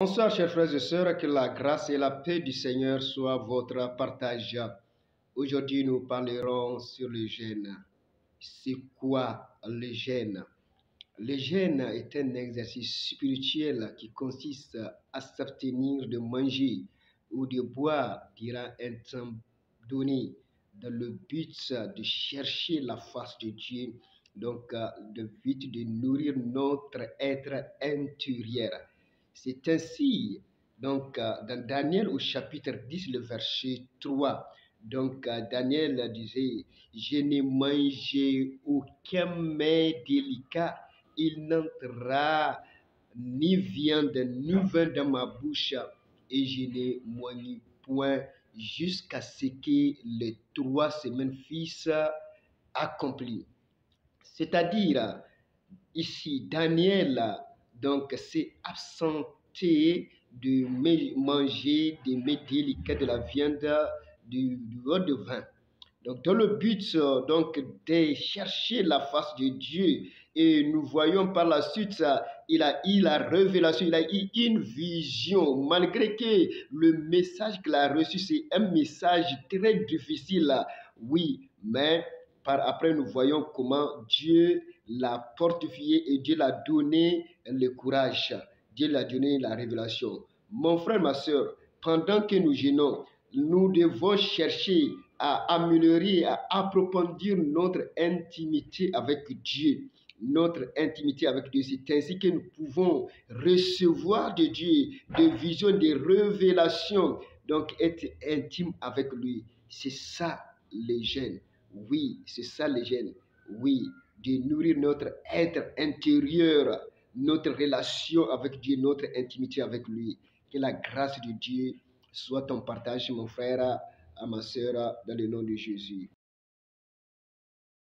Bonsoir chers frères et sœurs, que la grâce et la paix du Seigneur soient votre partage. Aujourd'hui nous parlerons sur le gène. C'est quoi le gène Le gène est un exercice spirituel qui consiste à s'abstenir de manger ou de boire durant un temps donné dans le but de chercher la face de Dieu, donc euh, de but de nourrir notre être intérieur. C'est ainsi, donc, euh, dans Daniel au chapitre 10, le verset 3, donc euh, Daniel disait, je n'ai mangé aucun mets délicat, il n'entrera ni viande ni vin dans ma bouche, et je n'ai moigné point jusqu'à ce que les trois semaines fils accomplissent. C'est-à-dire, ici, Daniel donc, c'est absenté de manger des mets délicats, de la viande, du, du de vin. Donc, dans le but euh, donc, de chercher la face de Dieu, et nous voyons par la suite, euh, il a eu la révélation, il a eu une vision, malgré que le message qu'il a reçu, c'est un message très difficile, euh, oui, mais après, nous voyons comment Dieu l'a fortifié et Dieu l'a donné le courage. Dieu l'a donné la révélation. Mon frère, ma soeur, pendant que nous gênons, nous devons chercher à améliorer, à approfondir notre intimité avec Dieu. Notre intimité avec Dieu, c'est ainsi que nous pouvons recevoir de Dieu des visions, des révélations, donc être intime avec lui. C'est ça les gènes. Oui, c'est ça gènes. Oui, de nourrir notre être intérieur, notre relation avec Dieu, notre intimité avec lui. Que la grâce de Dieu soit en partage, mon frère, à ma soeur, dans le nom de Jésus.